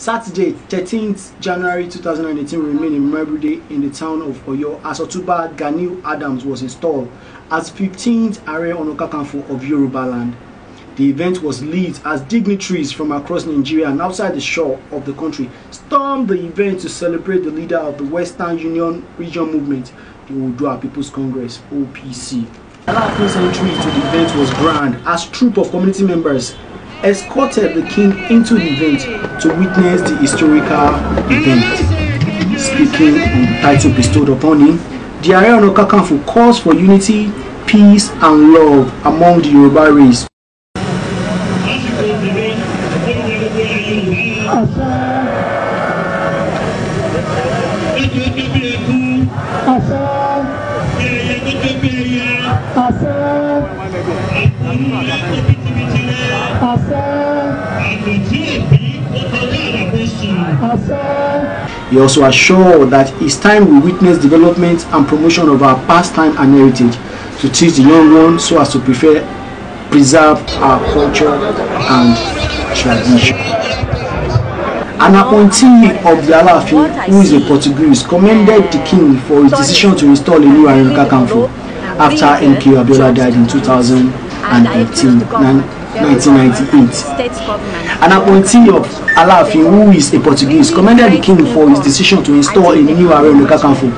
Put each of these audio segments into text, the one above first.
Saturday, 13th January 2018, remained a memorable day in the town of Oyo as Otuba Ganil Adams was installed as 15th Area Ona Kakanfo of Yoruba land. The event was lit as dignitaries from across Nigeria and outside the shore of the country stormed the event to celebrate the leader of the Western Union Region Movement, the Odua People's Congress, OPC. Alaafin entry to the event was grand as troop of community members escorted the king into the event to witness the historical event. Speaking on the title bestowed upon him, the Ààrẹ Ọ̀nà Kakanfò calls for unity, peace and love among the Yoruba race. Àṣẹ. Àṣẹ. He also assured that it's time we witness development and promotion of our pastime and heritage to teach the young ones so as to prefer, preserve our culture and tradition. An appointee of the Alaafin, who is a Portuguese, commended the king for his decision to install a new Arinka Kamfu after MK Abiola died in 2000 and eighteen nineteen ninety eight Anaponti of Alaafin who is a Portuguese commended the king for his decision to install a new Ààrẹ Ọ̀nà Kakanfò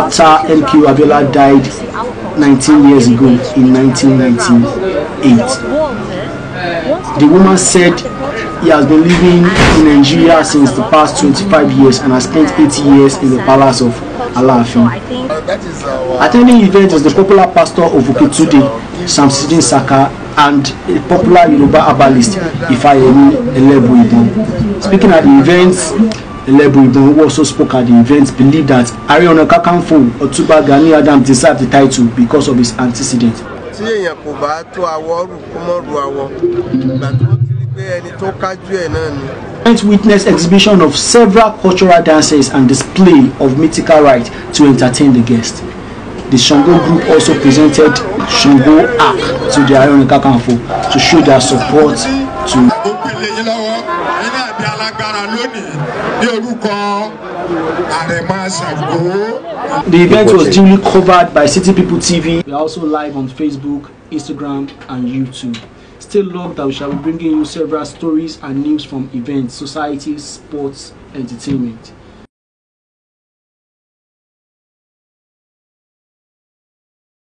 after MK Abiola died nineteen years ago in nineteen ninety eight eh? the woman said He has been living in Nigeria since the past 25 years and has spent 80 years in the palace of Alaafin. Attending events is the popular pastor of Oketude, Samsidin Saka, and a popular Yoruba herbalist, Ifayemi Elebuibon. Speaking at the events, Elebuibon, who also spoke at the events, believed that Ààrẹ Ọ̀nà Kakanfò Ọ̀túnba Gani Adam deserved the title because of his antecedent. Tí èèyàn kò bá tó awọ rù kó mọ̀ ru awọ, ìgbà tó pé witnessed exhibition of several cultural dances and display of mythical rites to entertain the guests. The Shango group also presented Shango Ark to the Iron Kakanfo to show their support to. The event was duly covered by City People TV. We are also live on Facebook, Instagram, and YouTube. still that we shall be bringing you several stories and news from events, society, sports, entertainment.